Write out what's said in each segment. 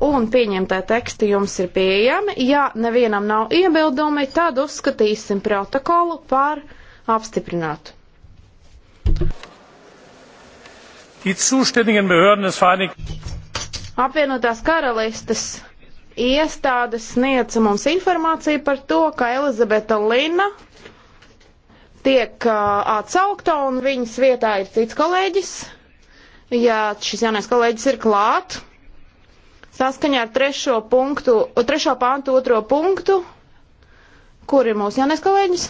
un pieņemtā teksta jums ir pieejami. Ja nevienam nav iebildumi, tad uzskatīsim protokolu par apstiprinātu. Apvienotās karalistes iestādes sniedza mums informāciju par to, ka Elizabeta Lina tiek uh, atsaukta un viņas vietā ir cits kolēģis. Ja šis jaunais kolēģis ir klāts, saskaņā ar trešo, punktu, trešo pāntu otro punktu, kur ir mūsu jaunais kolēģis?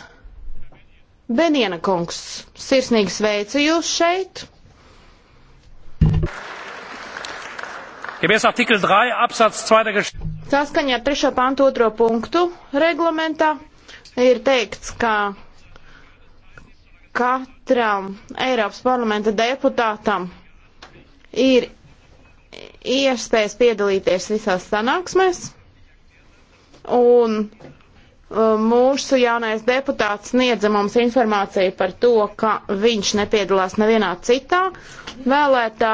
Beniena kungs, sirsnīgi sveicu jūs šeit. Gemäß Artikel 3 Absatz 2 der Saskaņā ar 3. pantu 2. punktu reglamentā ir teikts, ka katram Eiropas parlamenta deputātam ir iespējas piedalīties visās sanāksmēs. Un um, mūsu jaunais deputāts sniedza mums informāciju par to, ka viņš nepiedalās nevienā citā vēlētā,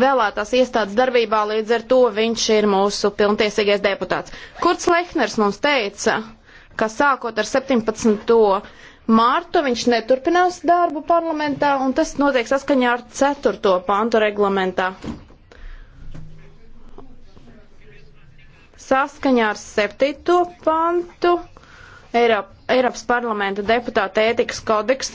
vēlētās iestādes darbībā, līdz ar to viņš ir mūsu pilntiesīgais deputāts. Kurts Lehners mums teica, ka sākot ar 17. mārtu viņš neturpinās darbu parlamentā, un tas notiek saskaņā ar 4. pantu reglamentā. Saskaņā ar 7. pantu Eiropas parlamenta deputāta ētikas kodeksā